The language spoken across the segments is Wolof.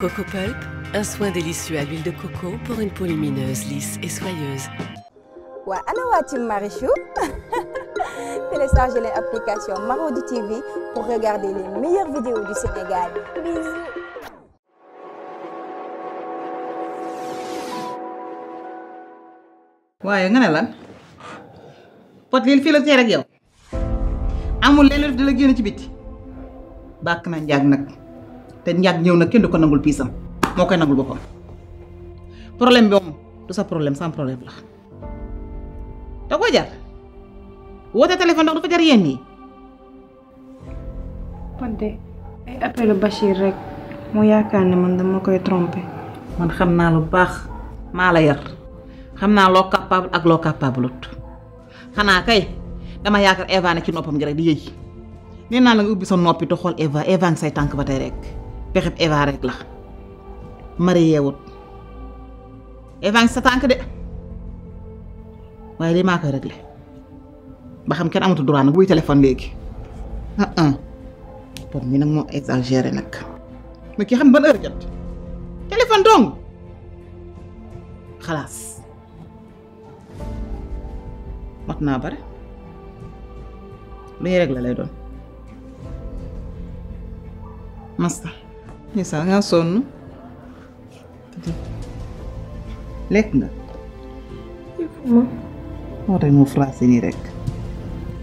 Coco Pulp, un soin délicieux à l'huile de coco pour une peau lumineuse, lisse et soyeuse. Wa ana Marichou téléchargez l'application Marodi TV pour regarder les meilleures vidéos du Sénégal bisous. Wa nga là lan pot lii fii la de ak yow amul leneen dina génn ci té ñak ñew na kenn du ko nangul pisam mo koy nangul bopam problème bi mom du sa problème sans problème la da ko jar woote téléphone dafa jar yéen ni man ay appel bashir rek mo yaakaar ne man dama koy tromper man xam naa lu baax maa la yar xam naa loo capable ak loo capable lut xanaa kay dama yaakaar Eva ne ci noppam gi rek di yëy nee naa la nga ubbi sa noppi te xool Eva Eva ngi say tànk ba tey rek pexeb Eva rek la mari yeewut Eva sa tànk de waaye lii maa koy réglé ba xam kenn amatu droit nag buy téléphone léegi ah ah mi nag moo exagéré nag mais ki xam ban heure jot téléphone xalaas mat naa bare lu ñuy réglé lay doon masta misalnya nga lek nga ma moo tax moo français nii rek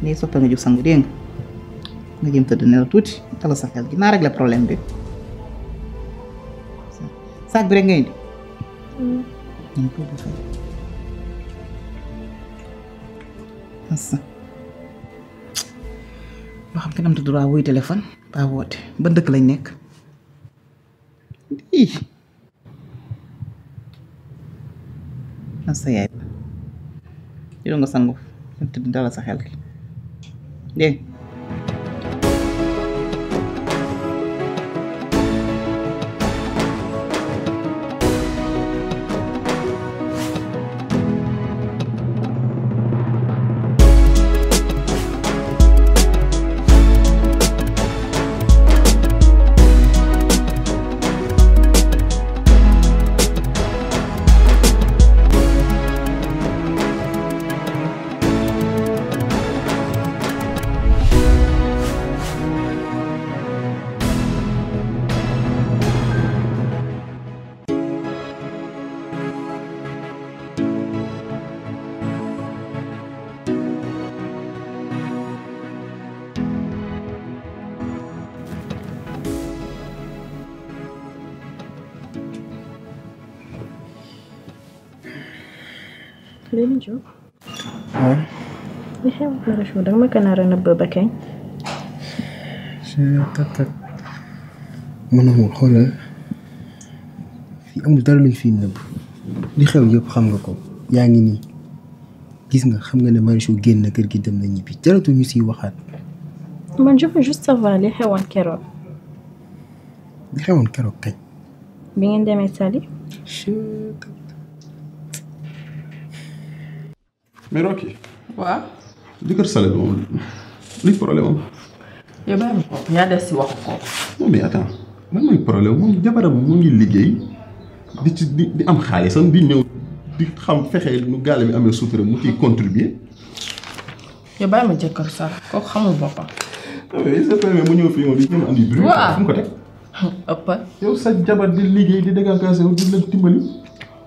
nii soppe nga jóg sangu dégg nga jëm tëdd nelaw tuti tala sa xel gi naa régler problème bi sa bi rek ngay indi hmm. ñun ko bu fay asa loo xam kenn am tudd waa wuy téléphone baa woote ba dëkk lañ nekk ii an sa yaay ba jëlu nga sangu dem sa xel Let me joke. Huh? We have not a shoulder. We can run a babacan. ما انا مرحولة في amul dara luñ fi nëbb li xew yëpp xam nga ko yaa ngi nii gis nga xam nga ne Marichou génn na kër gi dem na ñibbi jaratu ñu siy waxaat. man je veux juste savoir li xewoon keroog. li xewoon keroog kañ. bi ngeen demee Saly. mais Rocky. waaw. jëkkër Sall bi moom luy problème am. yow ma kooku yaa des si waxu kooku. non mais attends man mooy problème moom jabaram mu ngi liggéey di ci di di am xaalisam di ñëw di xam fexe nu gaale mi amee sutura mu ciy contribuer. yow bàyyi ma jëkkër Sall ko xamul boppam. non ah mais sa premier mu ñëw fii moom di ñëw andi bruit. waaw fu mu ko teg. ëpp yow sa jabar di liggéey di dégager wu di la dimbali.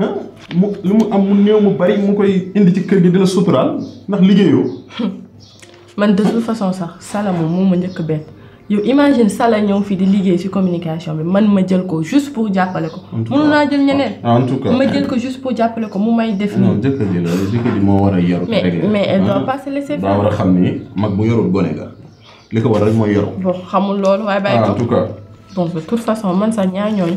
Hein? mu lu am mu néew mu bari mu koy indi ci kër gi di la suturaal ndax liggéeyoo. man de toute façon sax salamu moom moo ma njëkk bett yow imagine Sala ñëw fi di liggéey ci communication bi man ma jël ko juste pour jàppale ko. mënu naa jël ñeneen. en tout cas ma jël ko juste pour jàppale ko mu may def. non jëkkër ji la jëkkër ji moo war a yor. mais mais elle doit hein? pas se laisser faire. daa war a xam ni mag bu yorul gone nga li ko war rek mooy yor. bon xamul loolu waaye bàyyi ah, ko en tout cas. bon de toute façon man sax ñaar ñooñu.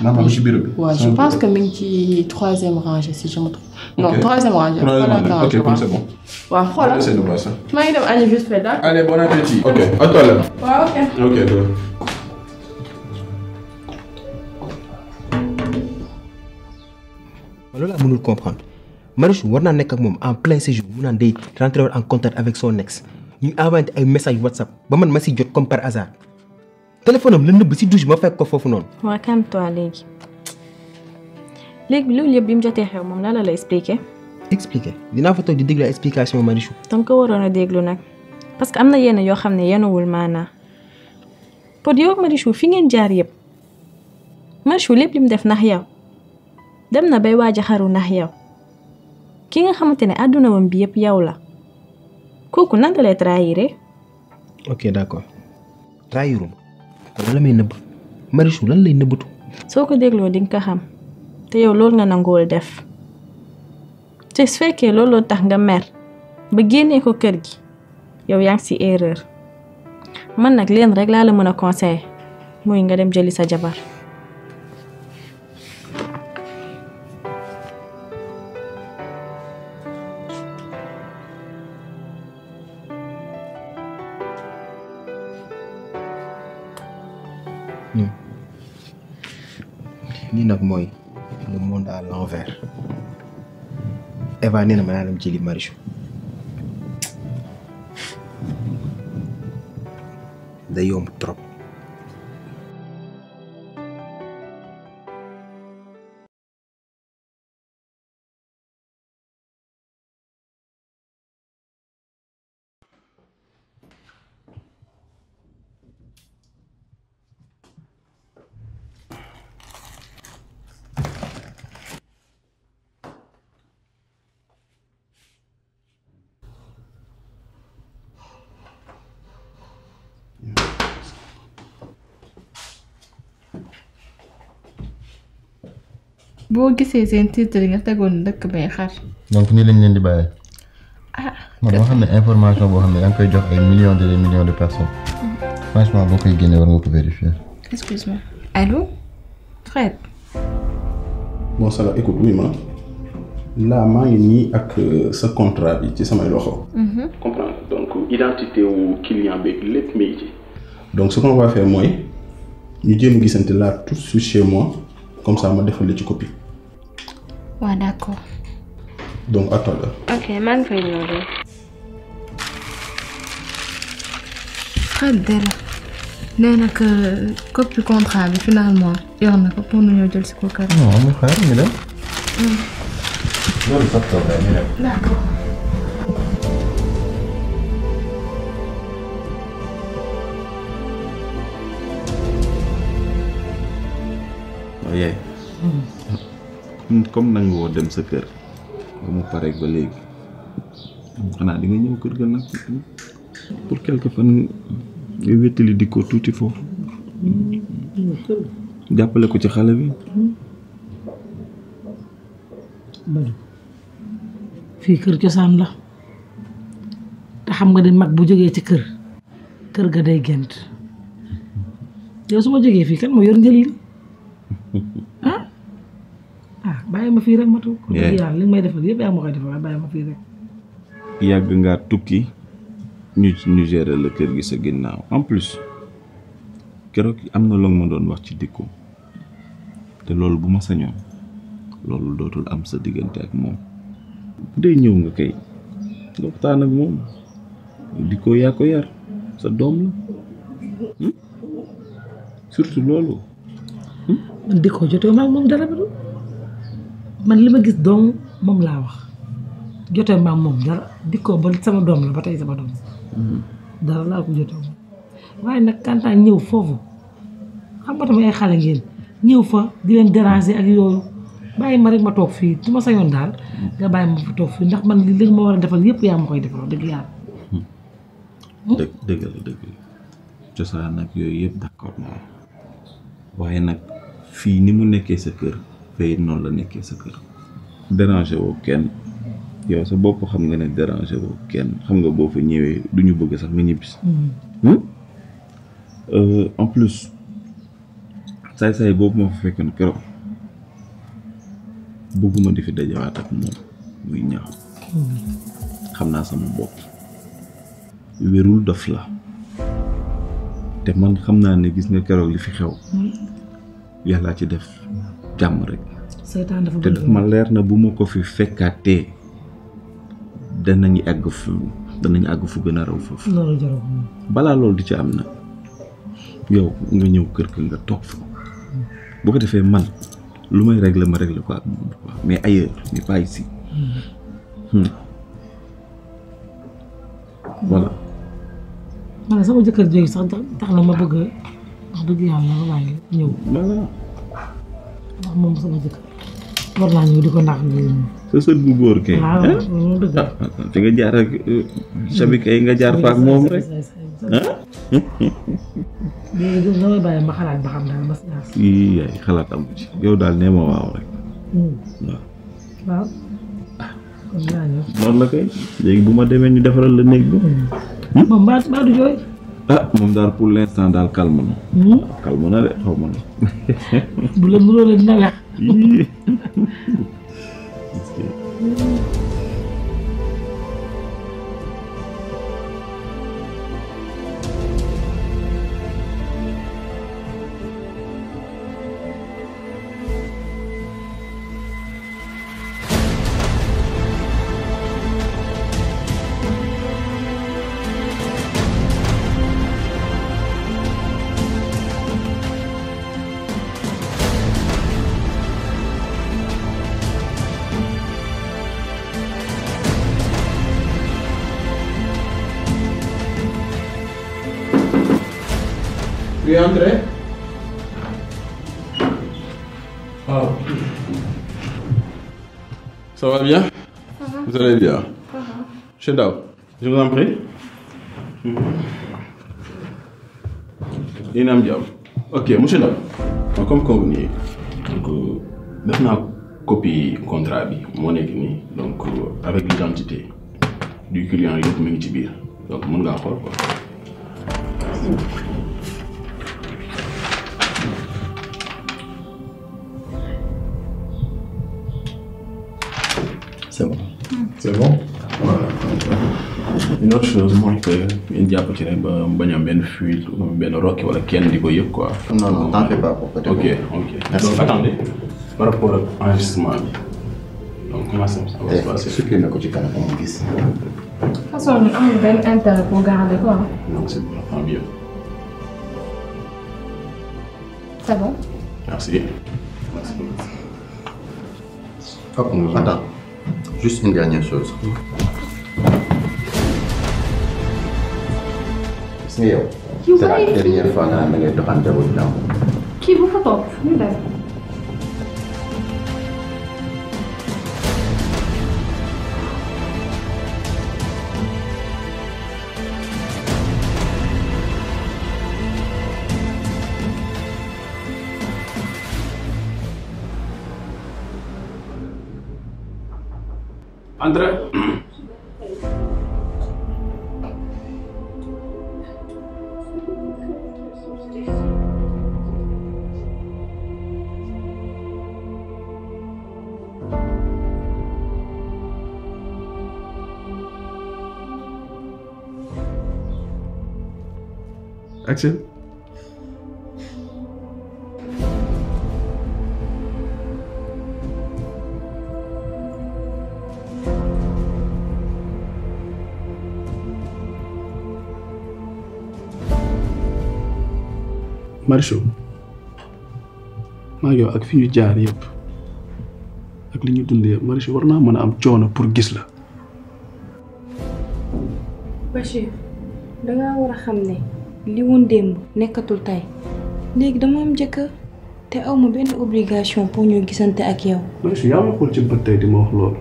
Non ci je bi. je pense que mi ngi troisième rangée si je me trompe. non troisième rangée. troisième rangée ok comme c'est bon. waaw xoolal maa ngi dem añu vite fait daal. allez bon appétit. ok à toi là. ok. ok doy. loolu laa mënul comprendre Marichou war naa nekk ak en plein séjour mu naan day rentrer en contact avec son ex ñu inventé un message WhatsApp ba man ma si jot comme par hasard. téléphone am la nëbb si douche ma fekk ko foofu noonu. waaw calme-toi léegi léegi loolu yëpp bi mu jotee xew moom la la la expliqué. expliqué dinaa fa toog di déglu explication Marichou. da nga ko waroon a déglu nag parce que am na yenn yoo xam ne yenuwul maanaa Pod yow ak Marichou fi ngeen jaar yëpp Marichou lépp li mu def ndax yow dem na bay waaj a xaru ndax yow ki nga xamante ne àdduna wam bi yëpp yow la kooku nan la lay trahiré. ok d'accord trahirum. wala la may nëbb Marichou lan lay nëbbatu. soo ko dégloo di nga ko xam te yow loolu nga nangool def te su fekkee looloo tax nga mer ba génnee ko kër gi yow yaa si ci erreur man nag leen rek laa la mën a conseiller mooy nga dem jëli sa jabar. nag mooy le monde à l'envers Eva nee na ma naa dem jëli Marichou da yomb trop boo gisee seen titre yi nga tegoon dëkk bay xar. donc nii lañ leen di bàyyee. ah man ma xam ne information boo xam ne yaa ngi koy jox ay millions de millions de personnes. Mm-hmm. franchement boo koy génnee war nga ko vérifier. excuse-moi allô Fred. bon ça va écoute oui ma là maa ngi nii ak euh, sa contrat bi ci samay loxo. Mm-hmm. comprendre donc identité wu client beeg lépp mi ci. donc ce qu'on va faire mooy ñu jéem gisante là tout suite chez moi comme ça ma defal la ci copie ouais d'accord. donc attends. ok man fay ñëw Frère que la que contrat finalement pas pour nous dire jël qu'on ko non xaar Je vais d'accord. Oh, hmm. comme nangu woo dem sa kër ba mu pare ba léegi xanaa di nga ñëw kër ga nag pour quelque fan nga wéttali di ko tuuti foofu jàppale ko ci xale bi fii kër cosaan la te xam nga ne mag bu jógee ci kër kër ga day gént yow su ma jógee fii kan moo yor njël li bàyyi ma fii rek ma toog. yàlla li may defal yëpp yaa ma koy defal waaye ma fii rek. tukki ñu ñu gérer kër gi sa en plus keroog am na ma doon wax ci dikku loolu sañoon loolu dootul am sa diggante ak moom. bu dee nga kay waxtaan ak moom dikko yaa ko yar sa doom la surtout loolu. dara ba man li ma gis dong moom laa wax jotee maam moom dara dikkoo ba sama doom la ba tey sama doom dara laa ko jotee moom nag kantaa ñëw foofu xam nga tamit ay xale ngeen ñëw fa di leen ak yooyu bàyyi ma ma toog fii du ma sañoon daal nga bàyyi ma toog fii ndax man li li ma war a defal yëpp yaa ma koy defal dëgg yàlla. Hmm. yooyu yëpp d'accord waaye nag fii ni mu nekkee sa kër. te noonu la nekkee sa kër déranger woo kenn yow sa bopp xam nga ne déranger woo kenn xam nga boo fa ñëwee du ñu bëgg sax nga ñibbisi mm-hmm. hmm? euh, en plus saay-saay boobu ma fa fekkoon keroog bëgguma di fi dajawaat ak moom muy ñaaw mm-hmm. xam naa sama bopp wérul dof la te man xam naa ne gis nga keroog li fi xew mm-hmm. yàllaa ci def jàmm rek. seytaan dafa te ma leer na bu ma ko fi fekkaatee danañu àgg fu danañu àgg fu gën a raw foofu. balaa loolu di ci am na yow nga ñëw kër ga nga toog fa bu ko defee man lu may régler ma régler ko ak moom mais ailleurs mais pas ici. Hmm. Hmm. voilà. man sama jëkkër jooju sax tax na ma bëgg wax dëgg yàlla waaye ñëw. moom sama jëkkër war naa ñëw di ko ndax nii. sa sët bu góor kay. waaw loolu dëgg la fi nga jaar ak sabi kay nga jaar fa ak moom rek. léegi nga Nah, hmm? bàyyi ma xalaat ba xam daal ma si yii bu ma demee ñu ah moom daal pour l' instant daal calme na. Hmm? calme na de xaw ma na. a dina weex. André? Ah. Ça va bien Vous allez bien Ça va. je vous en prie. Inam Ok, monsieur Ndao. comme convenu, donc euh, maintenant copie contrat bi mon donc euh, avec l'identité du client yëpp mu ngi ci donc mon gars, quoi. une autre chose mooy que ngeen jàpp ci rek ba bañ a am benn fuite benn rokki wala kenn di ko quoi. non non t'en fais pas pour ok ok merci donc attendez par rapport ak enregistrement donc comment ça va passer. supprimer na ko ci kanam moom gis. façon bi amul benn intérêt pour garder quoi. donc c'est bon tant mieux. c'est bon. merci. merci beaucoup. Attends, juste une dernière chose. si que yow. yu bëri c'est la dernière fois nga xam ne ngay doxante wu ñu kii André. Marichou maa ngi ak fi ñu jaar yëpp ak li ñu dundee yëpp Marichou war naa mën a am coono pour gis la. Bachir dangaa war a xam ne li woon démb nekkatul tey léegi dama am jëkkër te aw ma benn obligation pour ñu gisante ak yow. Marichou yaa ma xool ci bët tey di ma wax loolu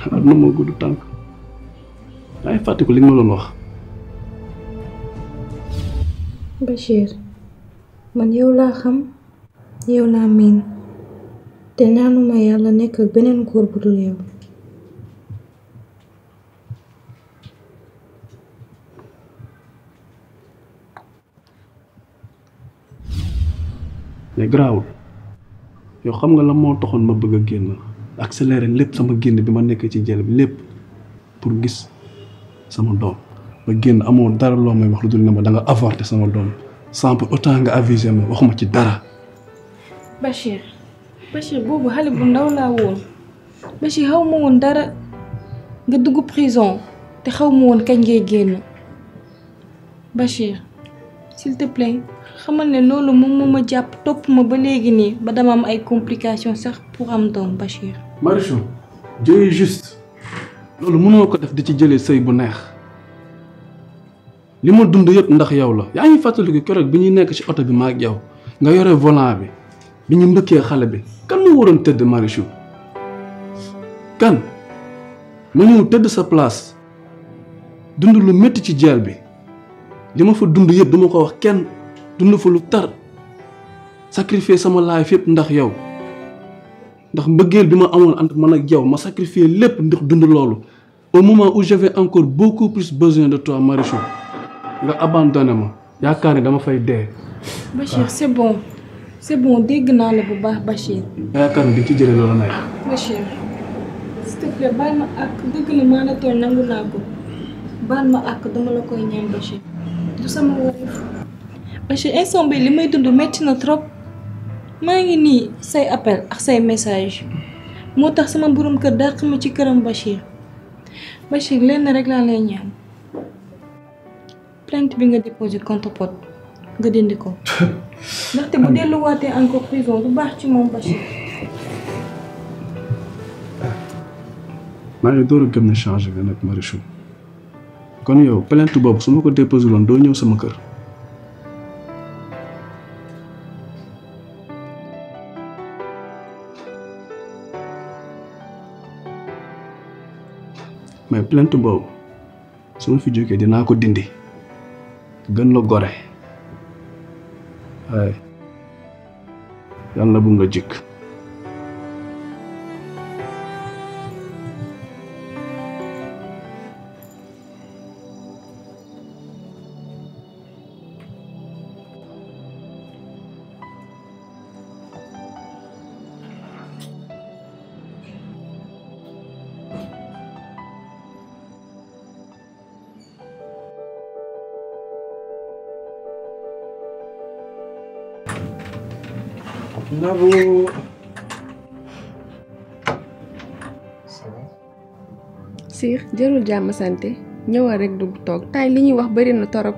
xanaa dina ma gudd tànk yaa fàtte ko li nga ma wax. بشير من يولى خم يولى مين te naanu ma yàlla ya, nekk ak beneen góor bu dul yow ya. mais ya, garaawul yow xam nga la moo taxoon ma bëgg a génn lépp sama génn bi ma nekk ci jël bi lépp pour gis sama doom ma génn amoo dara loo may wax lu dul ne ma da nga avorté sama doom sans pour autant nga aviser ma waxuma ci dara. Bachir Bachir boobu xale bu ndaw laa woon Bachir xaw ma woon dara nga dugg prison te xaw ma woon kañ ngay génn Bachir s'il te plaît xamal ne loolu moom moo ma jàpp topp ma ba léegi nii ba dama am ay complications sax pour am doom Bachir. Marichou jëlee juste loolu mënoo ko def di ci jëlee sëy bu neex. li dund yëpp ndax yow la yaa ngi fàttaliku keroog bi ñuy nekk ci oto bi ma ak yow nga yore volant bi bi ñu mbëkkee bi kan waroon tëdd Marichou kan ma ñëw tëdd sa place dund lu métti ci jeel bi li fa dund duma ko wax kenn dund fa lu tar sacrifier sama life yëpp ndax yow ndax mbëggeel ma amoon man ak ma sacrifier ndax au moment où j'avais encore beaucoup plus besoin de toi Marichou nga abandonné ma yaakaar ne dama fay dee. Bachir c'est bon c'est bon dégg naa la bu baax Bachir. nga yaakaar ne di ci jëlee loolu nay. Bachir s'il te plaît ma àq dëgg la maa la tooñ nangu naa ko baal ma àq dama la koy ñaan Bachir du sama wareef. Bachir instant bi li may dund metti na trop maa ngi nii say appel ak say message moo tax sama borom kër dàq ma ci këram Bachir Bachir lenn rek laa lay ñaan. plant bi nga déposé contre pot nga dindi ko ndax té bu délu delluwaatee encore prison lu bax ci mom Bachir. ma ngi door gëm na changer nga nak Marichou kon yow plant bobu suma ko déposé woon do ñew sama kër. mais plainte boobu su ma fi jógee dinaa ko dindi. gën la gore waaye yàlla bu nga jikk jëlul jàmm sante ñëwal rek du toog tay li ñuy wax bari na torop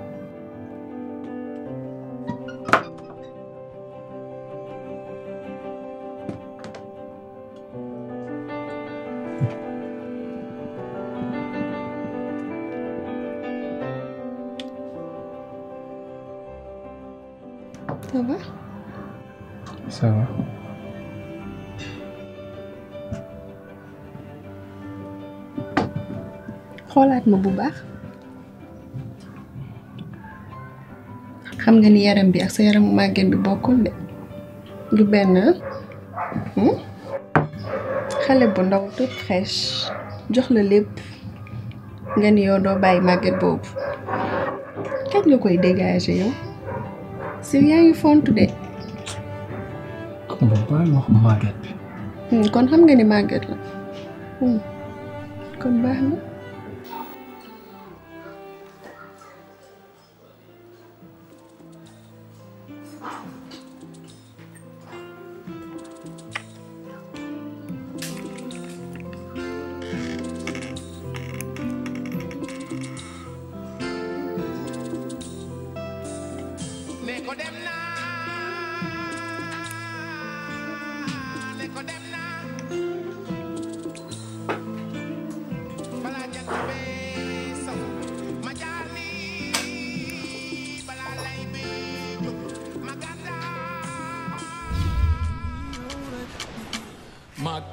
ma bu baax xam nga ni yaram bi ak sa yaramu màgget bi bokkul de du benn ah. hmm? xale bu ndaw tut xees jox la lépp nga ni yow doo bàyyi màgget boobu kañ nga koy dégager yow si yaa ngi de hmm, kon xam nga ni màgget la hmm. kon baax na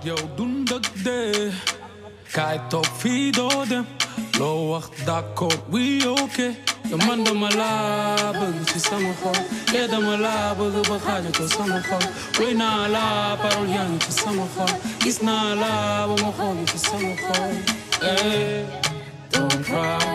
yow dundak dee kaay toog fii doo dem loo wax d'accord oui ok yow man dama laa bëgg ci sama xol te dama laa bëgg ba xaajatoo sama xol wéy naa laa parole yaa ngi ci sama xol gis naa laa ba ma xool ci sama xol eh don't cry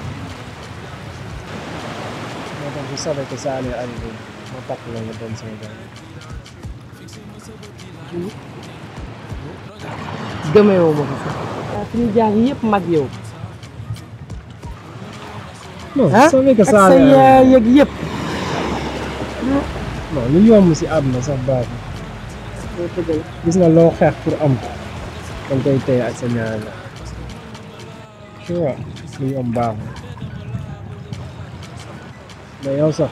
vous savez que ça allait arriver ma papa la nga doon sama sax. waaw yëpp mag yow. non soo nekk saa ak sa yëg yëpp. non lu yomb si àdduna sax baaxul. gis nga loo xeex pour am ko. koy téye ak sa ñaari la. lu yomb baaxul. mais yow sax.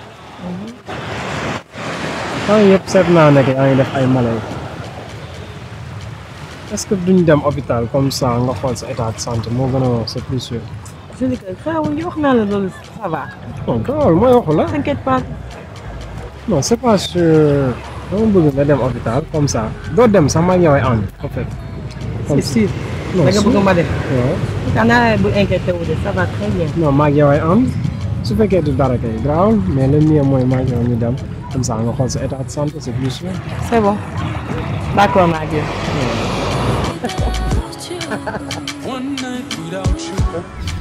temps yëpp naa ne yaa ngi def ay malaise est-ce que duñ dem hôpital comme ça nga xool sa état de moo gën a wax c'est plus sûr. Sénégal xaawul wax naa la loolu ça va. bon gaawul mooy waxu la. t'inquiète pas. non c'est dem comme ça doo dem sax maa ngi ñëwee ànd en fait. c'est sûr. non ma dem. waaw. xanaa bu inquiété wu su fekkee du dara kay garaawul mais le mieux mooy maa ñu dem comme ça nga xool sa état de santé c'est plus sûr. c'est bon d'accord ma dieu one night without you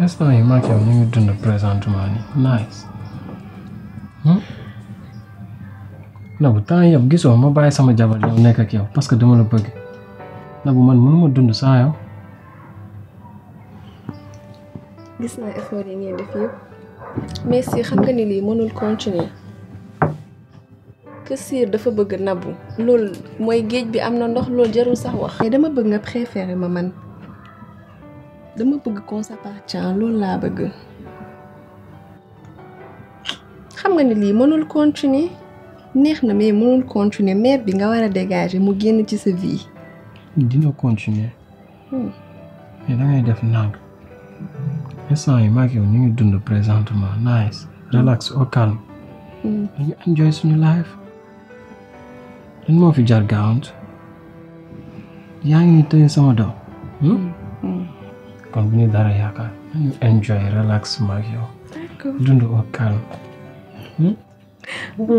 instant yi maak yow ñu ngi dund présentement nii nice Nabou temps yëpp gisoo ma bàyyi sama jabar yow nekk ak yow parce que dama la bëgg Nabou man mënuma dund sans yow. gis naa effort yi ngeen def yëpp mais si xam nga ni lii mënul continuer que dafa bëgg Nabou loolu mooy géej bi am na ndox loolu jarul sax wax. mais dama bëgg nga préféré ma man. dama bëgg qu'on s'appartient loolu laa bëgg xam nga ne lii mënul continuer neex mais mënul continuer mère bi nga war a dégager mu génn ci sa vie. dina continuer. Hmm. mais da def nang instant yi maag yow ñu ngi dund présentement nice relax au calme. dañu hmm. enjoy suñu life. lan moo fi jar gaawant. yaa ngi tëye sama doom. Hmm? Company धारा यहाँ का enjoy relax मार गया ढूंढो और कर Bro,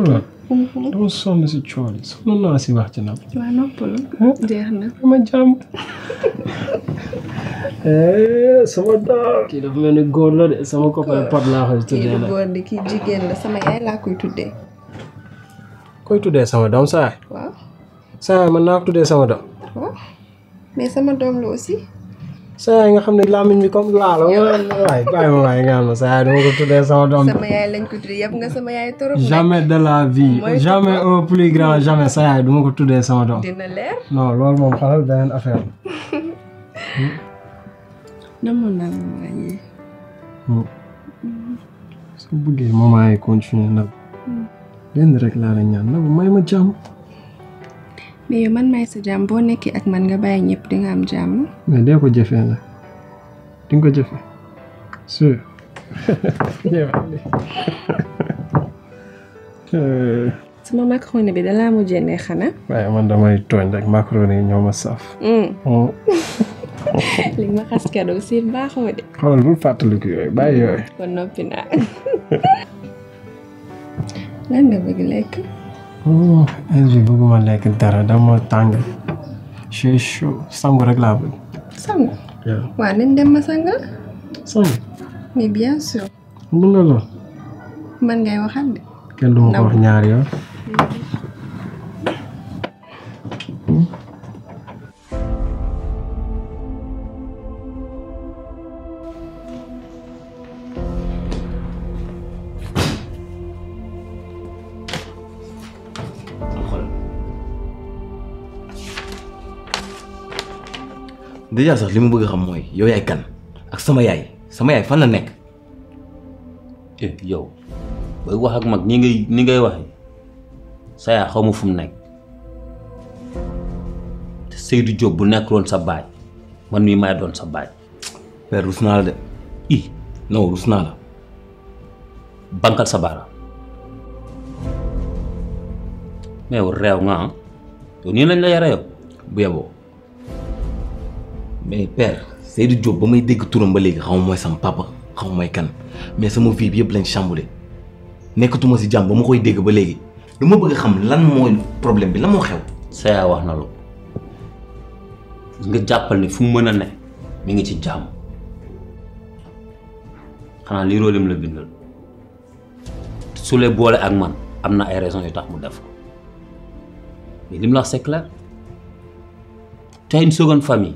don't sound as a child. Sono na si wahti na. Wano polo. Jehna. Ma jam. Eh, sama da. Ki da me ni golla de sama ko pa pad la ko tudde la. Ki di ki jigen la sama yaay la koy tudde. Koy tudde sama dom sa. Waaw. Sa man na tudde sama dom. Waaw. Mais sama dom la aussi. saa nga xam ne làmmiñ bi comme laa la waaye bàyyi ma waaye nga xam ne saa dama ko tuddee sama doom. sama yaay lañ ko tuddee yëpp nga sama yaay torop jamais de la vie jamais au plus grand jamais saa yaay duma ko tuddee sama doom. dina leer non loolu moom xalal beneen affaire la. na naa la wàññi. su bëggee moment yi continuer nag. lenn rek laa la ñaan nag may ma jàmm. mais yow man maay sa jàmm boo nekkee ak man nga bàyyi ñëpp di nga am jàmm. mais dee ko jëfee nag di nga ko jëfee sûr. sama macaroni bi dalaa mujjee ne xanaa. waaye man damay tooñ rek macaroni yi ñoo ma saf. Mm. Mm. li ma xas kaddu si baaxoo de. xoolal bul fàttaliku yooyu bàyyi yooyu. kon noppi lan nga bëgg lekk. heure oh, bi bëgguma lekk dara dama tàng je chaud sangu rek laa sangu. waaw nañ dem sangu. mais bien sûr. mun na man ngay waxal de. kenn du ma ko wax déjà sax li mu bëgg xam mooy yow yaay kan ak sama yaay sama yaay fan la nekk. Eh, yow booy wax ak mag ni ngay ni ngay waxee sa yaay xaw ma fu mu nekk te Seydou Diop bu nekk woon sa baay man mii may doon sa baay. père rus naa la de i non rus naa la. bankal sa baaraam mais réew nga ah yow nii lañ la yara yow bu yeboo. mais père Seydou Diop ba may dégg turam ba léegi xaw mooy sama papa xaw mooy kan mais sama vie bi yëpp lañ chamboulé nekkatuma si jàmm ba ma koy dégg ba léegi lu ma bëgg xam lan mooy problème bi lan moo xew. Saya wax na lu nga jàppal ni fu mu mën a ne mu ngi ci jàmm xanaa lii rôle la bindal su lee boole ak man am na ay raisons yu tax mu def ko mais li mu la wax c'est clair seconde famille.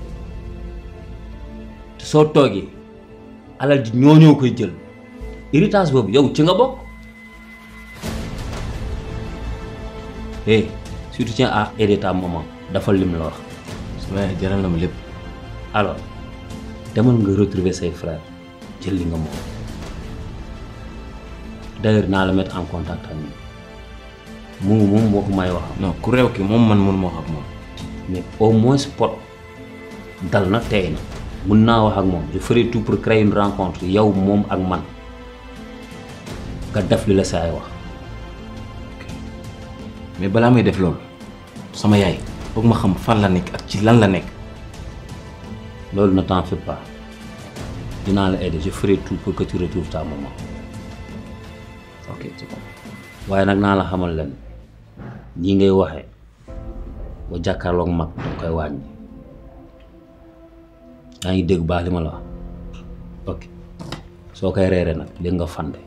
so toogee alal di ñoo ñoo koy jël héritage boobu yow ci nga bok eh si tu tiens à aider ta maman dafal lim la wax sama yaay jaral na ma lepp alors demal nga retrouver ses frères jël li nga mo d'ailleurs na la mettre en contact ami ñoom moom moko may wax non ku rew ki mom man mënuma wax ak mom mais au moins pot dal na tey na mun naa wax ak moom je ferai tout pour créer une rencontre yow moom ak man nga def li la saay wax. mais balaa may def loolu sama yaay foog ma xam fan la nekk ak ci lan la nekk. loolu na t'en fais pas dinaa la aider je ferai tout pour que tu retrouves ta maman. ok waaye nag naa la xamal leen ñi ngay waxee ba jàkkaarloog mag danga koy wàññi. yaa ngi dégg baax li ma la wax ok soo koy reere nag léegi nga fande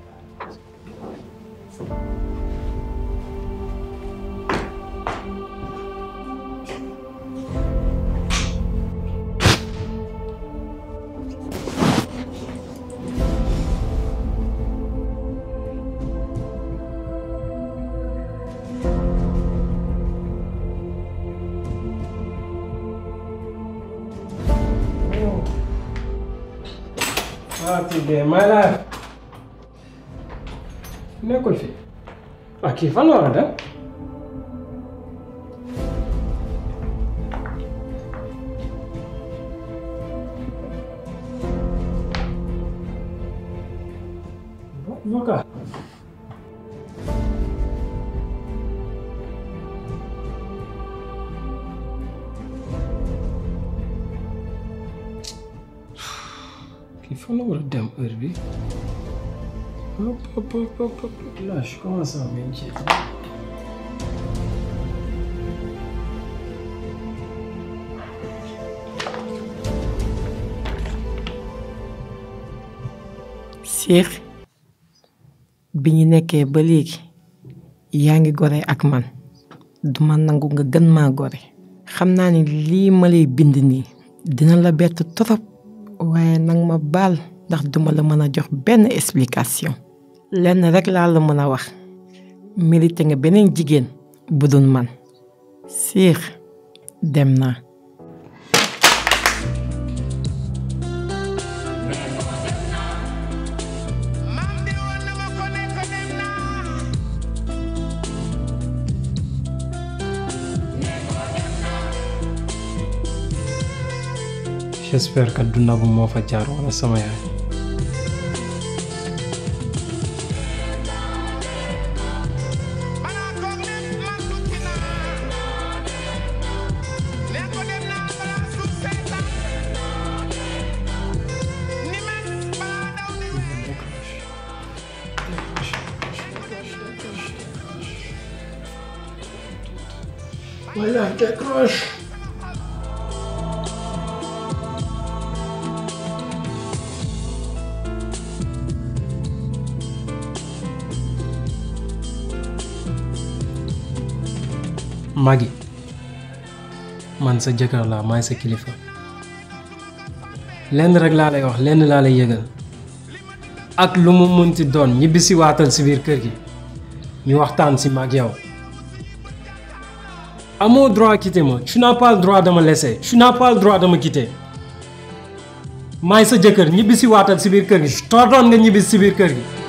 lucky day my life nekkul fi waaw kii fan la war a dem heure bi hop ñu nekkee ba léegi yaa ngi gore ak man duma nangu nga gën maa gore xam naa ni lii ma lay bind nii dina la bett trop waaye nag ma baal ndax duma la mën a jox benn explication lenn rek laa la mën a wax mérité nga beneen jigéen bu dul man siix dem naa j'espère que dunda bu moo fa jaar wala sama yaay là, décroche Maggy man sa jëkkër laa maay sa kilifa lenn rek laa lay wax lenn laa lay yëgal ak lu mu munti doon ñibbisi waatal ci biir kër gi ñu waxtaan si mag amoo droit quitter ma tu n'as pas le droit de me laisser tu n'as pas droit de me quitter sa jëkkër ñibbisi waatal si biir kër gi tordoon nga ñibbisi si biir kër gi